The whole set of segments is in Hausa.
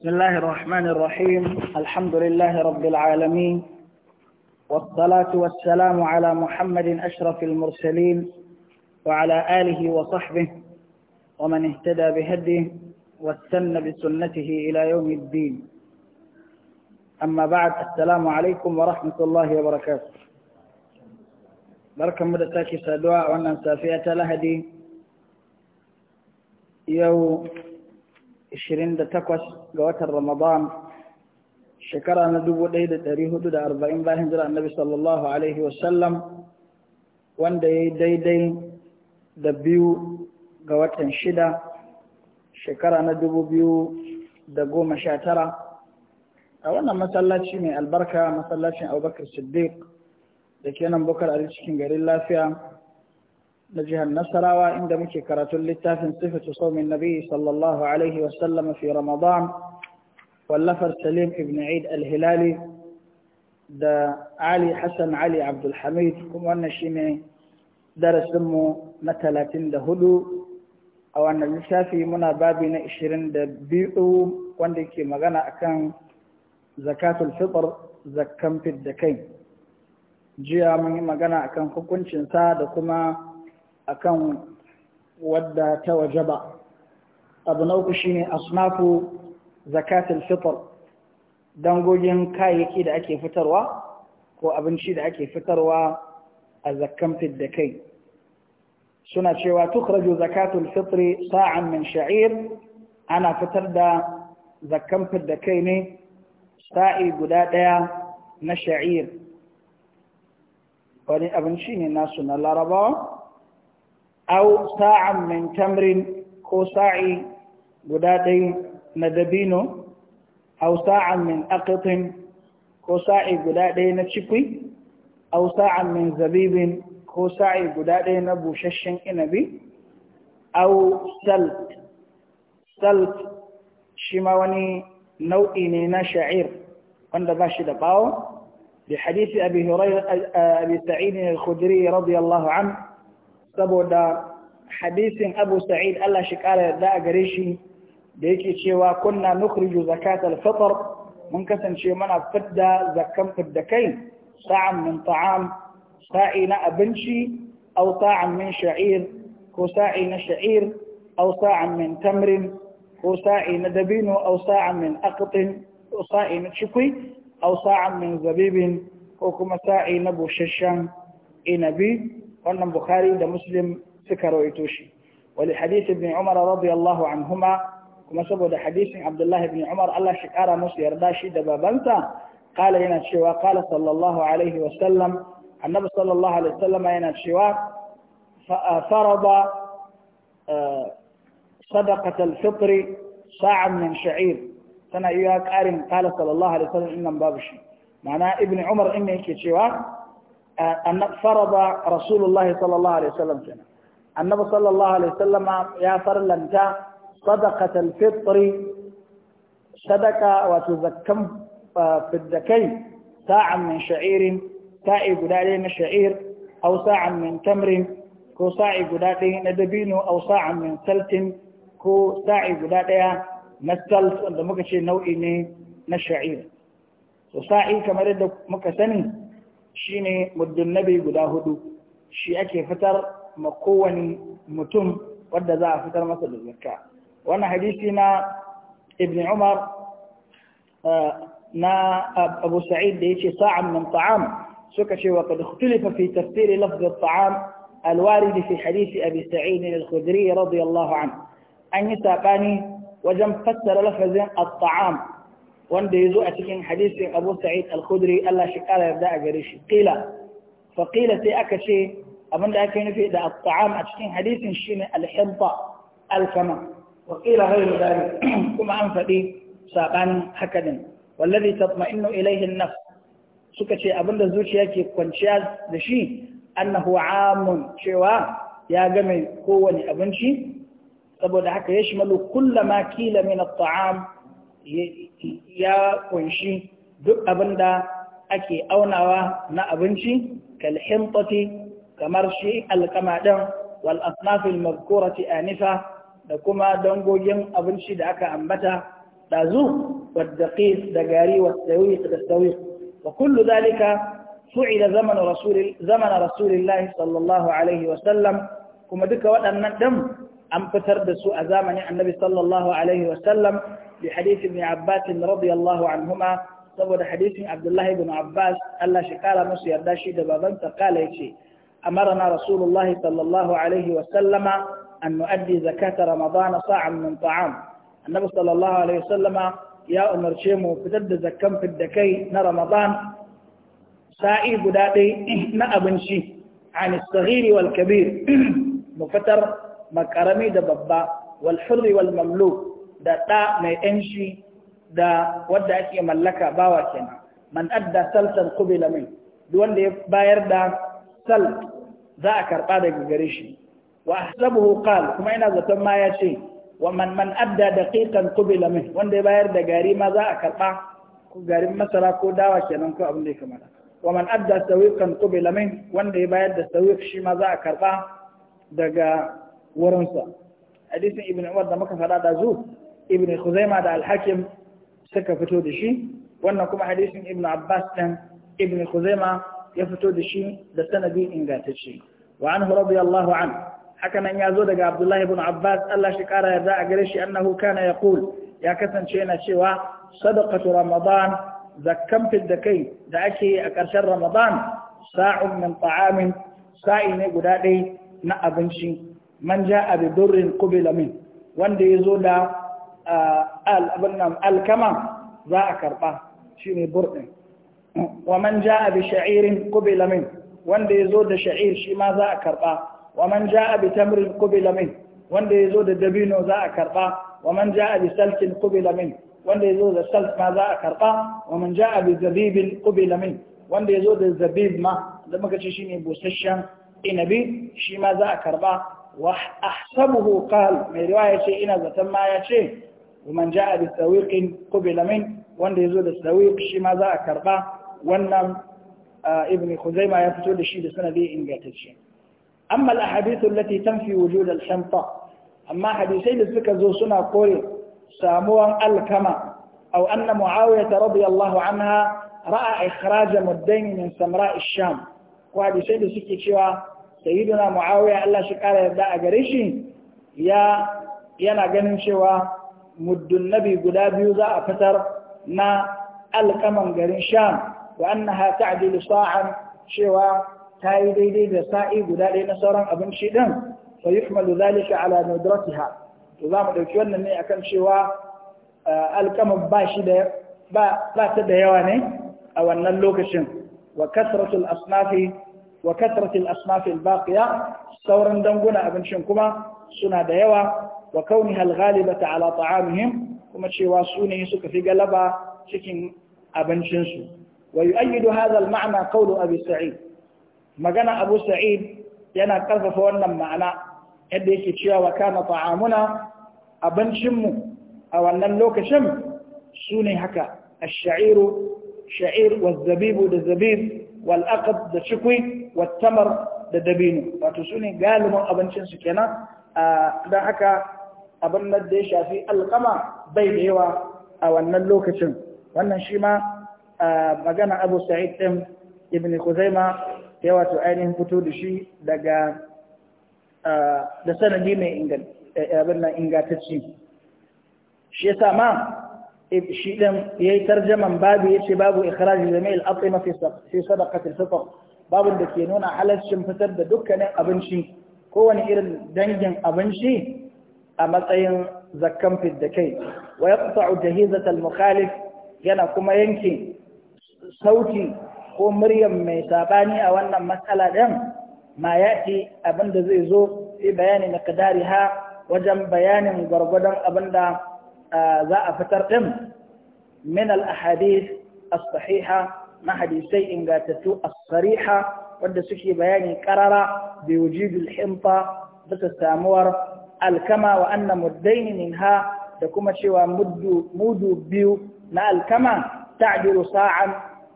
بسم الله الرحمن الرحيم الحمد لله رب العالمين والصلاة والسلام على محمد أشرف المرسلين وعلى آله وصحبه ومن اهتدى بهديه واستنى بسنته إلى يوم الدين أما بعد السلام عليكم ورحمة الله وبركاته بركة مدتاكي سادواء وأنا سافية لهدي يوم 28 ga watan Ramadan shekara na 1440 bayan jira annabi sallallahu alaihi wasallam wanda ya yi daidai da biyu ga watan shida shekara na 2019 a wannan masallaci mai albarka masallacin abubakar siddiq da ke nan bukar a cikin garin lafiya na jihar Nasarawa inda muke karatun littafin sifatu saumin Nabi sallallahu Alaihi wasallam fi Ramadan, wallafar Salim Ibn Eid al-Hilali da Ali Hassan Ali Abdulhamid kuma wannan shi ne darasinmu na talatin da hudu a wannan littafi muna babi na ishirin da biyu wanda ke magana akan zakatul fitr zakkan da kai jiya mun yi magana akan hukuncinsa da kuma akan wadda ta wajaba abu na uku shine asnafu zakatul fitr dangogin kayayyaki da ake fitarwa ko abinci da ake fitarwa a zakkan da kai suna cewa tukhraju zakatul fitri sa'an min sha'ir ana fitar da zakkan da kai ne sa'i guda daya na sha'ir wani abinci ne nasu na larabawa أو ساعة من تمر كوساعي قدادي ندبينو أو ساعة من أقط كوساعي قدادي نشكوي أو ساعة من زبيب كوساعي قدادي نبو ششن إنبي أو سلت سلت شماواني نوئيني ناشعير عند باشد باو بحديث أبي, هريرة أبي سعيد الخدري رضي الله عنه سبودا حديث أبو سعيد الله شكال دا قريشي ديكي شوا كنا نخرج زكاة الفطر من كسن شمنا فدى زكام فدكين ساعة من طعام ساعينا أبنشي أو ساعة من شعير هو ساعينا شعير أو ساعة من تمر هو ساعينا دبين أو ساعة من أقط هو ساعينا شكوي أو ساعة من زبيب هو كما ساعينا بوششا إنبي wannan bukhari da muslim suka rawaito shi wani hadisi bin umar radiyallahu anhuma kuma saboda hadisin abdullahi bin umar Allah shi kara musu yarda shi da babanta kala yana cewa kala sallallahu alaihi wa sallam annabi sallallahu alaihi wa sallam yana cewa farada صدقة min ساعة من iya karin إياك sallallahu alaihi wa sallam عليه وسلم إنم بابشي معناه ابن عمر إنه كتشوا أن فرض رسول الله صلى الله عليه وسلم كنا النبي صلى الله عليه وسلم يا فرلنتا صدقة الفطر صدقة وتزكم آه، في الدكي ساعة من شعير ساعي قدالين شعير أو ساعة من تمر كو ساعي قدالين دبين أو ساعة من سلت كو ساعي قدالين نسلت عندما كشي نوئي نشعير وساعي كما ردك مكسنين shine muddin nabi guda hudu shi ake fitar ma kowane mutum wadda za a fitar masa da zakka wannan hadisi na ibn umar eh, na abu sa'id da yace sa'an min ta'am suka ce wa qad ikhtalafa fi tafsir lafz at-ta'am al-warid fi hadith abi sa'id al-khudri radiyallahu anhu an yi sabani wajen fassara lafazin at-ta'am wanda ya zo a cikin hadisin abu sa'id al-khudri Allah shi kara yarda a gare shi qila fa qila sai aka ce abinda ake nufi da at-ta'am a cikin hadisin shine al-hibba al-kama wa qila ghayru dhalik kuma an faɗi sabanin haka din wallazi tatma'innu ilayhi an-nafs suka ce abinda zuciya ke kwanciya da shi annahu amun cewa ya game kowane abinci saboda haka ya shimalu kullama kila min at-ta'am ya kunshi duk abin da ake aunawa na abinci kalhintati kamar shi alkama ɗin wal asnafil mazkurati anifa da kuma dangogin abinci da aka ambata dazu waddaqis da gari wasawiq da wa kullu zalika fu'ila zaman rasul rasulillahi sallallahu alaihi wa sallam kuma duka waɗannan ɗan. an fitar da su a zamanin annabi sallallahu alaihi wasallam bi hadithin ibn abbas radiyallahu anhuma saboda hadisin abdullahi ibn abbas Allah shi kara musu yarda shi da babansa kala yace amarna rasulullahi sallallahu alaihi wasallama an nu'addi zakata ramadan sa'an min ta'am annabi sallallahu alaihi wasallama ya umarce mu fitar da zakkan fiddakai na ramadan sa'i guda ɗaya na abinci عن الصغير والكبير مفتر makarami da babba wal hurri wal mamluk da ɗa mai ɗanshi da wadda ake mallaka bawa kenan man adda salsan qubila min duk wanda ya bayar da sal za a karba daga gare shi wa ahsabuhu qal kuma ina zaton ma ya ce wa man man adda daqiqan qubila min wanda ya bayar da gari ma za a karba ko garin masara ko dawa kenan ko abin da ya kamata wa man adda sawiqan qubila min wanda ya bayar da sawiq shi ma za a karba daga wurinsa hadisin ibn umar da muka faɗa da zu ibn khuzaima da al-hakim suka fito da shi wannan kuma hadisin ibn abbas din ibn khuzaima ya fito da shi da sanadi ingantacce wa anhu radiyallahu an haka nan ya zo daga abdullahi ibn abbas Allah shi kara yarda a gare shi annahu kana yaqul ya kasance yana cewa sadaqatu ramadan zakkan fil da kai da ake a ƙarshen ramadan sa'un min ta'amin sa'i ne guda ɗaya na abinci man ja'a bi durrin qubila min wanda ya zo da alkama za a karba shi ne burɗin. wa man ja'a bi sha'irin qubila min wanda ya zo da sha'ir shi ma za a karba wa man ja'a bi tamrin qubila min wanda ya zo da dabino za a karba wa man ja'a bi salkin qubila min wanda yazo da salt ma za a karba wa man ja'a bi zabibin qubila min wanda ya zo da zabib ma da muka ce shine busasshen inabi shi ma za a karba wa ahsabuhu qal mai ya ce ina zaton ma ya ce man ja'a bi sawiqin qubila min wanda yazo da sawiq shi ma za a karba wannan ibn khuzaima ya fito da shi da sanadi ingantacce amma al ahadith allati tanfi wujud al shanta amma hadisai da suka zo suna kore samuwan alkama aw anna muawiyah radiyallahu anha ra'a ikhraj muddain min samra' isham ko hadisai da suke cewa sayyidina muawiya Allah shi kara yarda a gare shi ya yana ganin cewa muddun nabi guda biyu za a fitar na alkaman garin sham wa annaha ta'dilu sa'an cewa ta yi daidai da sa'i guda ɗaya na sauran abinci ɗin fa yuhmalu zalika ala nudratiha to za mu ɗauki wannan ne akan cewa alkaman ba shi da ba ta da yawa ne a wannan lokacin wa kasratul asnafi wa katratil asnafil baqiya sauran danguna abincin kuma suna da yawa wa kauniha alghalibata ala ta'amihim kuma cewa su ne suka fi galaba cikin abincin su wa yu'ayyidu hadha al-ma'na qawlu abi sa'id magana abu sa'id yana karfafa wannan ma'ana yadda yake cewa wa kana ta'amuna abincin mu a wannan lokacin su ne haka ash-sha'iru sha'ir wa zabibu da zabib wal da shikwi watamar da dabino wato sune galibin abincin abincinsu kenan dan haka abin da ya shafi alkama bai da yawa a wannan lokacin wannan shi ma magana Abu Sa'id din Ibn Kuzaima ya wato ainihin fito da shi daga da sanadi mai eh, ingantacci shi sa ma shi ɗin ya tarjaman babu ya ce babu ikiraji da mai al'afai mafi sai sadakatul fitr babu da ke nuna halaccin fitar da dukkanin abinci kowane irin dangin abinci a matsayin zakkan fidda kai wa ya kusa jahizatal mukhalif yana kuma yanke sauti ko muryar mai sabani a wannan matsala ɗin ma yaɗi abin da zai zo sai bayani na kadari ha wajen bayanin gwargwadon abin da آه، ذا فترقم من الأحاديث الصحيحة ما حديثي إنغاتتو الصريحة ودى سكي بياني كرر بوجود الحنطه بس السامور الكما وأن مدين منها تكما شوى مدو بيو ما الكما تعدل ساعا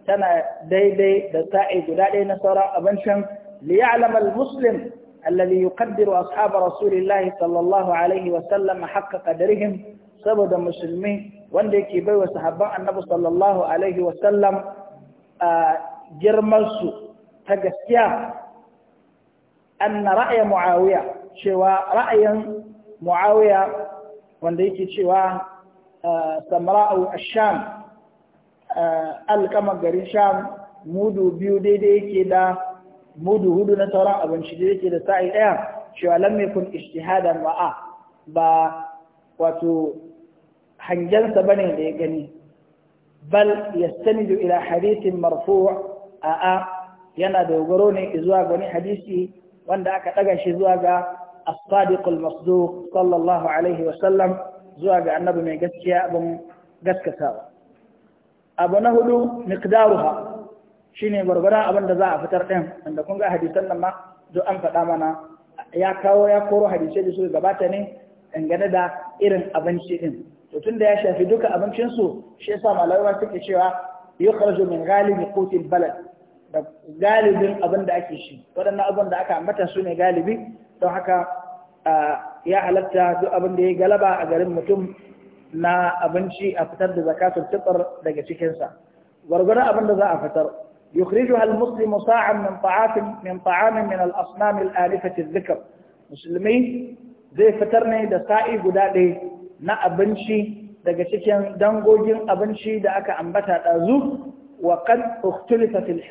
سنه تنا ديدي دسائد دالي نصر أبنشم ليعلم المسلم الذي يقدر أصحاب رسول الله صلى الله عليه وسلم حق قدرهم saboda musulmi wanda yake bai wa sahabban annabi sallallahu alaihi wasallam a girmarsu ta gaskiya anna ra'ayin muawiya cewa ra'ayin muawiya wanda yake cewa samra'u asham alkama garin sham mudu biyu daidai yake da mudu hudu na sauran abinci da yake da sa'i ɗaya cewa lam yakun ijtihadan wa'a ba wato hangensa bane da ya gani bal yastanidu ila hadithin marfu' a'a yana dogaro ne zuwa ga wani hadisi wanda aka daga shi zuwa ga as-sadiq masduq sallallahu alaihi wa sallam zuwa ga annabi mai gaskiya abin gaskatawa abu na hudu miqdaruha shine gwargwaron abin da za a fitar din wanda kun ga hadisan nan ma duk an faɗa mana ya kawo ya koro hadisai da su gabata ne dangane da irin abinci din to tunda ya shafi duka abincinsu shi yasa malamai suke cewa yukhraju min ghalibi qutil balad da galibin abin da ake shi waɗannan abin da aka ambata su ne galibi don haka ya halatta duk abin da ya galaba a garin mutum na abinci a fitar da zakatul fitr daga cikinsa gwargwaron abin da za a fitar yukhrijuha al-muslimu sa'an min ta'amin min ta'amin min al-asnam al-alifati adh-dhikr musulmi zai fitar ne da sa'i guda ɗaya na abinci daga cikin dangogin abinci da aka ambata ɗazu wa kan uktulifa fil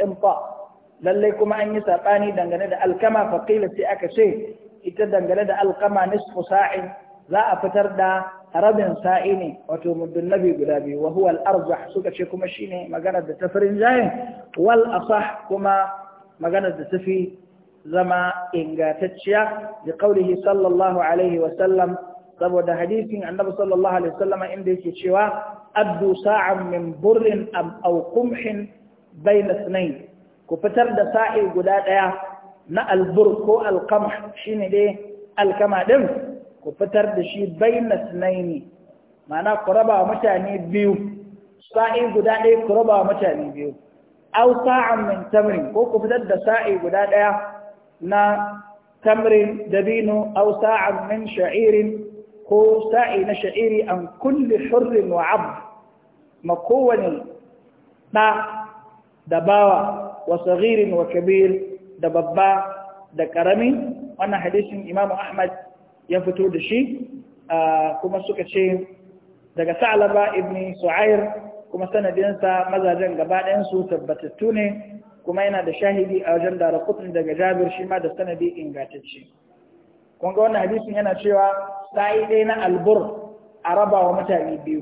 lallai kuma an yi saɓani dangane da alkama faƙila sai aka ce ita dangane da alkama nisfu sa'in za a fitar da rabin sa'i ne wato muddin nabi guda biyu wa huwa al suka ce kuma shine maganar da tafirin jayin wal asah kuma maganar da tafi zama ingantacciya da qaulihi sallallahu alaihi saboda hadisin annabi sallallahu alaihi wasallam inda yake cewa addu sa'an min burrin am aw qumhin bayna sunayn ku fitar da sa'i guda daya na albur ko alqamh shine dai alkama din ku fitar da shi bayna sunayn ma'ana ku raba mutane biyu sa'i guda daya ku raba mutane biyu aw sa'an min tamrin ko ku fitar da sa'i guda daya na tamrin dabino aw sa'an min sha'irin ko sa'i na sha'iri an kulle hurrin wa abd ma kowane ɗa da bawa wa saghirin wa kabir da babba da karami wannan hadisin imam ahmad ya fito da shi kuma suka ce daga sa'alaba ibni su'air kuma sanadinsa mazajen gabaɗayansu tabbatattu ne kuma yana da shahidi a wajen darakutun daga jabir shi ma da sanadi ingantacce kunga wannan hadisin yana cewa ta ɗaya na albur a raba wa mutane biyu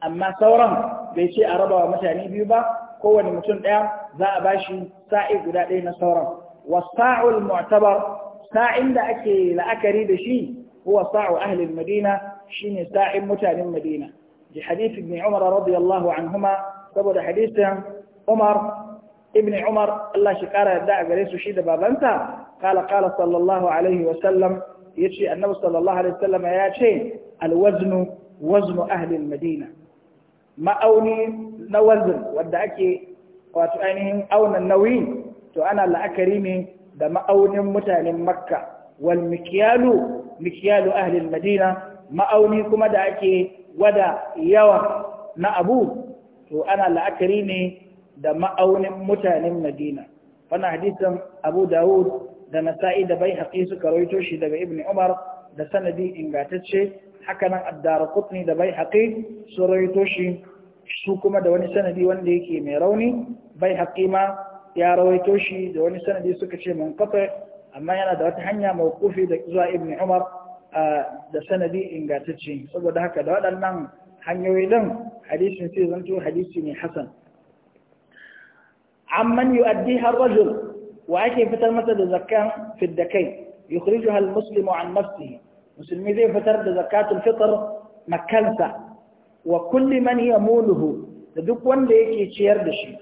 amma sauran bai ce a raba wa mutane biyu ba kowane mutum ɗaya za a bashi sa'i guda ɗaya na sauran wasa'ul mu'tabar sa'in da ake la'akari da shi huwa sa'u ahli madina shine sa'in mutanen madina ji hadith ibn umar radiyallahu anhuma saboda hadisin umar ibn umar Allah shi kara yarda a gare su shi da babanta qala qala sallallahu alaihi wa sallam yace annabi sallallahu alaihi wasallam ya ce alwaznu waznu ahli almadina ma'auni na wazn wanda ake wato ainihin auna nauyi to ana la'akari ne da ma'aunin mutanen makka wal mikyalu mikyalu ahli almadina ma'auni kuma da ake wada yawa na abu to ana la'akari ne da ma'aunin mutanen madina Fana hadisan abu dawud da nasa'i da bai haƙi suka rawaito shi daga ibn umar da sanadi ingantacce hakanan addara kutni da bai haƙi su rawaito shi su kuma da wani sanadi wanda yake mai rauni bai haƙi ma ya rawaito shi da wani sanadi suka ce mun kafa amma yana da wata hanya mawkufi da zuwa ibn umar da sanadi ingantacce saboda haka da waɗannan hanyoyi din hadisin sai zanto hadisi ne hasan amman yu'addiha ar-rajul wa ake fitar masa da zakkan fiddakai hal almuslimu an nafsihi musulmi zai fitar da zakatul fitr makansa wa kulli man yamuluhu da duk wanda yake ciyar da shi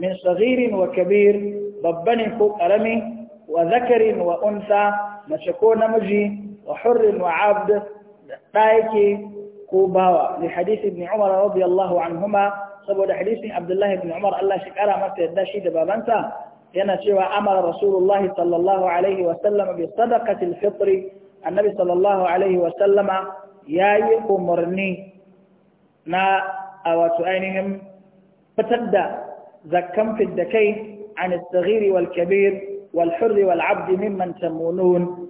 min saghirin wa kabir babba ne ko karami wa wa unsa mace ko namiji wa hurrin wa abd da yake ko bawa li hadisi ibn umar radiyallahu anhuma saboda hadisin abdullahi ibn umar Allah shi kara masa yadda shi da babanta yana cewa amara rasulullahi sallallahu alaihi wasallama bi sadaqatil fitri annabi sallallahu alaihi wasallama ya yi umarni na a wato ainihin fitar da zakkan fiddakai an istagiri wal kabir wal hurri wal abdi mimman tamunun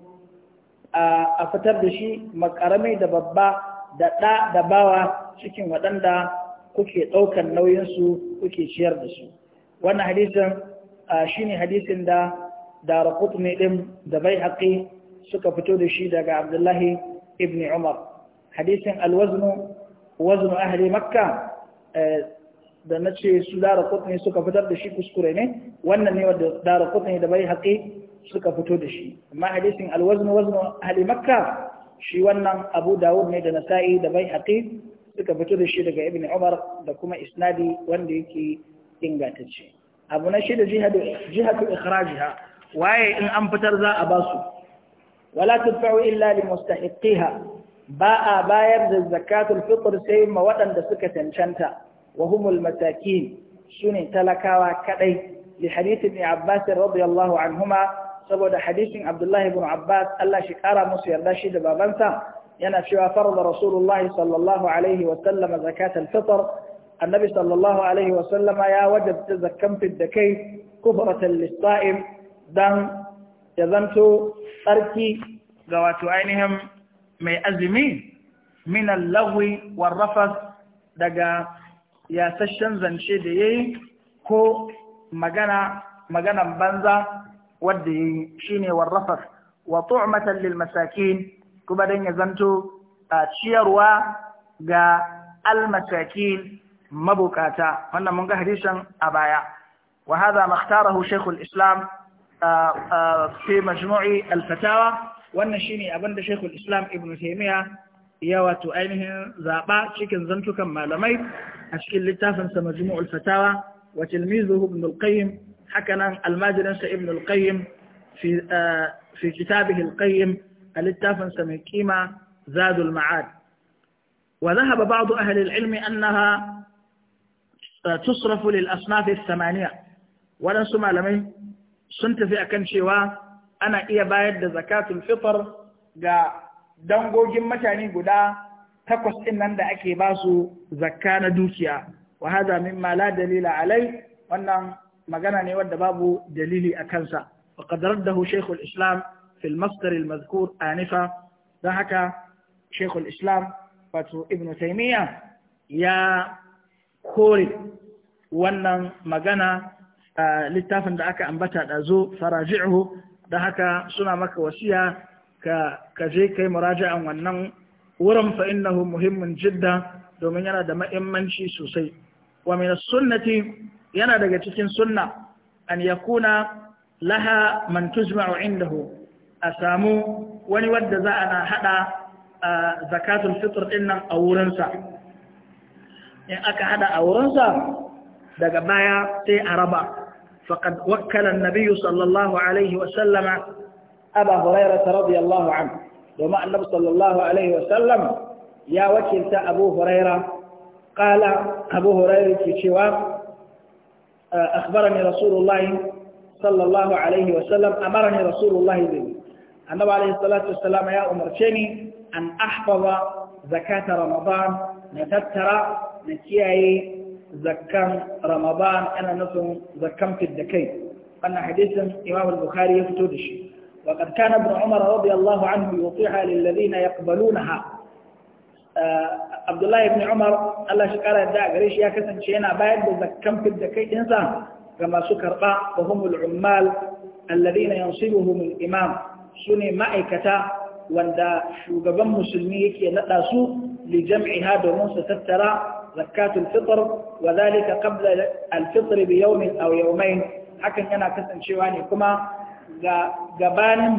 a fitar da shi makarami da babba da ɗa da bawa cikin waɗanda kuke ɗaukar nauyinsu kuke ciyar da su wannan hadisin shine hadisin da dara kutne ɗin da bai haƙi suka fito da shi daga abdullahi ibn umar hadisin alwaznu waznu ahli makka eh, da na ce su dara kutne suka fitar da shi kuskure ne wannan ne wadda dara da bai haƙi suka fito da shi amma hadisin alwaznu waznu ahli makka shi wannan abu dawud ne da nasa'i da bai haƙi suka fito da shi daga ibn umar da kuma isnadi wanda yake ingantacce abu na shida jihatu ikhrajiha waye in an fitar za a basu wala tudfa'u illa li mustahiqiha ba a bayar da zakatul fitr sai ma waɗanda suka cancanta wa humul matakin sune talakawa kadai li hadith ibn abbas radiyallahu anhuma saboda hadisin abdullahi ibn abbas Allah shi kara musu yarda shi da babansa yana cewa farada rasulullahi sallallahu alaihi wa sallam zakatul fitr annabi sallallahu alaihi wasallama ya wajabta zakkan da kai kufaratan lissa'im dan ya tsarki ga wato ainihin mai azumi minan lagwi warrafas daga yasashen zance da ya yi ko magana maganan banza wadda ya yi shi ne warrafas wa tu'matan lil masakin kuma dan ya zanto a ciyarwa ga al masakin mabukata wannan mun ga hadisin a baya wa hadha makhtarahu shaykhul islam fi majmu'i al-fatawa wannan shine abinda shaykhul islam ibn taymiya ya wato ainihin zaba cikin zantukan malamai a cikin littafin sa majmu'ul fatawa wa tilmizuhu ibn al-qayyim hakanan almajirin sa ibn al-qayyim fi fi kitabihi al-qayyim a littafin sa mai kima zadul ma'ad wa dhahaba ba'd ahli al-ilm annaha tusrafu lil asnaf samaniya waɗansu malamai sun tafi akan cewa ana iya bayar da zakatul fitr ga dangogin mutane guda takwas ɗin nan da ake basu su zakka na dukiya wa hadha mimma la dalila alai wannan magana ne wanda babu dalili a kansa wa qad raddahu shaykhul islam fi al-masdar al-madhkur haka shaykhul islam wato ibnu taymiya ya kore wannan magana a littafin da aka ambata da zo faraji'u da haka suna maka wasiya ka ka je kai muraja'an wannan wurin fa innahu muhimmin jidda domin yana da mahimmanci sosai wa min sunnati yana daga cikin sunna an yakuna laha man tujma'u indahu a samu wani wadda za a hada zakatul fitr din nan a wurinsa in aka hada a wurinsa daga baya sai a raba faƙad wakkalan nabiyu sallallahu alaihi wasallama aba hurairata radiyallahu anhu domin annabi sallallahu alaihi wasallam ya wakilta abu huraira qala abu huraira ke cewa أخبرني رسول sallallahu صلى الله عليه وسلم أمرني رسول الله به النبي عليه الصلاة والسلام يا أمرتني أن أحفظ زكاة رمضان na kiyaye zakkan ramadan ana nufin zakkan fidda kai wannan hadisin imam al-bukhari ya fito da shi wa qad kana ibn umar radiyallahu anhu yutiha lil ladina yaqbalunaha uh, abdullahi ibn umar Allah shi kara da gare shi ya kasance yana bayar da zakkan fidda kai dinsa ga masu karba wa humul ummal alladina yansibuhum al-imam sune ma'aikata wanda shugaban musulmi yake nada su li jam'iha domin su tattara زكاة الفطر وذلك قبل الفطر بيوم أو يومين حكا أنا كسن شواني كما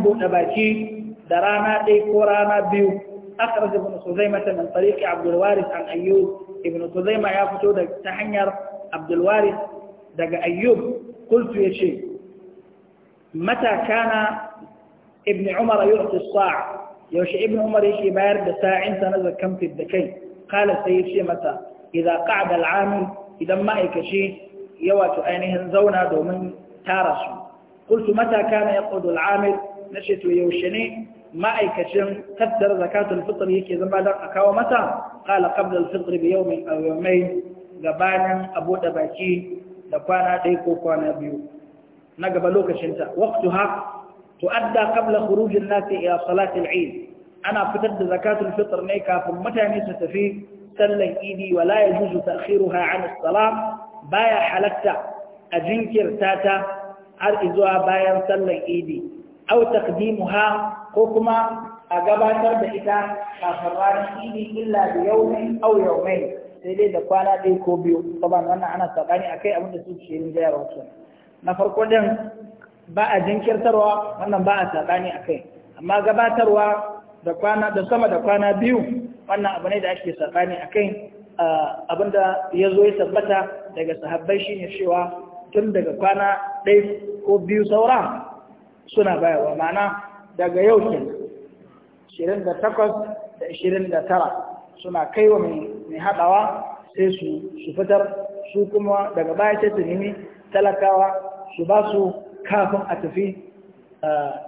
بو بوتباكي درانا أي كورانا بيو أخرج ابن خزيمة من طريق عبد الوارث عن أيوب ابن خزيمة يافتو دك تحنير عبد الوارث دك أيوب قلت يا شيخ متى كان ابن عمر يعطي الصاع يوش ابن عمر يشي بارد ساعين سنزل كم في الدكين قال السيد شيء متى idan qa'ada al'ami idan ma'aikaci ya wato ainihin zauna domin tara su qultu ya kana yaqudu na nace to yaushe ne ma'aikacin tattara zakatul fitr yake zama dan a kawo mata ƙala qabla al-fitr bi yawmin aw gabanin abu da baki da kwana ɗaya ko kwana biyu na gaba lokacinta waqtuha tu'adda qabla khuruj kabla nas ila salati al-eid ana fitar da zakatun fitr ne kafin mutane su tafi sallan idi wala ya juzu ta'khiruha an as-salam baya halatta a jinkirta ta har zuwa bayan sallan idi aw taqdimuha ko kuma a gabatar da ita kafin ranar idi illa da yawmin aw yawmayn sai dai da kwana ɗaya ko biyu saboda wannan ana sabani akai abinda su ce yin jayarwa na farko din ba a jinkirtarwa wannan ba a saɓani akai amma gabatarwa da kwana da sama da kwana biyu wannan abu ne da ake sakani a kai abinda ya zo ya tabbata daga sahabbai shi ne cewa tun daga kwana ɗaya ko biyu saura suna bayarwa mana daga yau ke 28 da 29 suna kai wa mai haɗawa sai su fitar su kuma daga baya sai talakawa su ba su kafin a tafi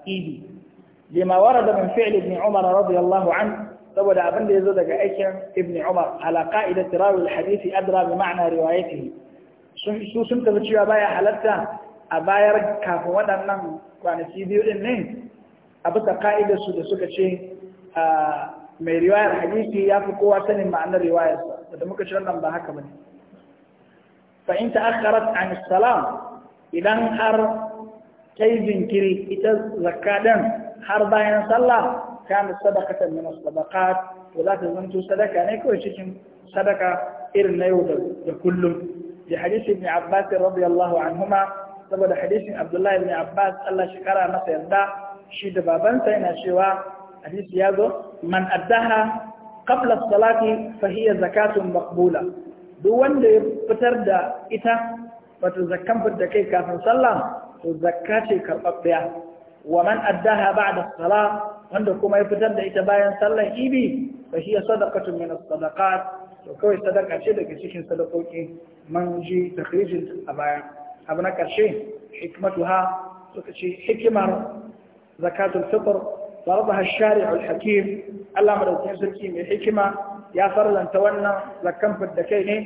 idi lima warada min fi'l ibn umar radiyallahu an saboda abin da ya zo daga aikin ibn umar ala ka'idar tirawul hadisi adra bi ma'ana riwayatihi su sun tafi cewa baya halatta a bayar kafin waɗannan kwanaki biyu din ne a bisa ka'idar su da suka ce mai riwayar hadisi ya fi kowa sanin ma'anar riwayar sa da muka ce wannan ba haka ba fa in ta'akharat an salam idan har ta yi jinkiri ita zakka har bayan sallah kanat sadaqatan min as-sadaqat walakin man tu sadaqa ne kawai cikin sadaqa irin na yau da kullum bi hadisi ibn abbas radiyallahu anhuma saboda hadisi abdullahi ibn abbas Allah shi kara masa yarda shi da babansa yana cewa hadisi ya zo man addaha qabla as-salati fa hiya zakatun maqbula duk wanda ya fitar da ita wato zakkan fitar da kai kafin sallah to zakka ce karɓaɓɓiya wa man addaha ba'da salat wanda kuma ya fitar da ita bayan sallar ibi fa shi sadaqatun min as-sadaqat to kawai sadaka ce daga cikin sadakoki man ji takhrijin a baya abu na karshe hikmatuha suka ce hikimar zakatul fitr faradaha ash al-hakim Allah madaukakin sarki mai hikima ya farlanta wannan zakkan fidda kai ne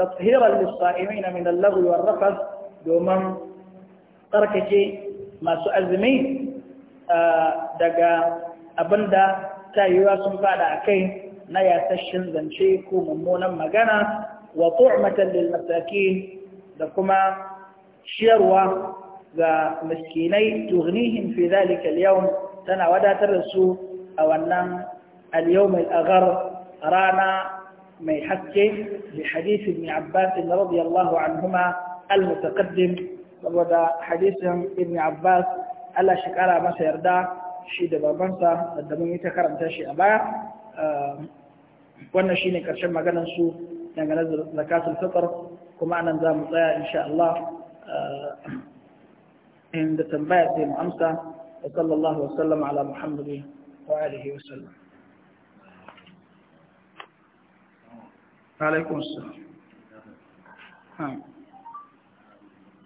tathiran lis-sa'imin min al-lagwi war-rafath domin tsarkake masu azumi daga abinda ta yiwuwa sun fada a kai na yasashin zance ko mummunan magana wa tu'matan lil masakin da kuma shiyarwa ga miskinai tughnihim fi dhalika al tana wadatar da su a wannan al-yawm al-aghar rana mai haske bi hadith ibn Abbas radiyallahu anhuma al-mutaqaddim saboda hadisin ibn Abbas Allah shi kara masa yarda shi da babansa da mun yi ta karanta shi a baya wannan shine karshen maganar su dangane da zakatul fitr kuma anan za mu tsaya insha Allah in da tambaya sai mu amsa wa sallallahu wa sallama ala muhammadi wa alihi wa sallam alaikum assalam السلام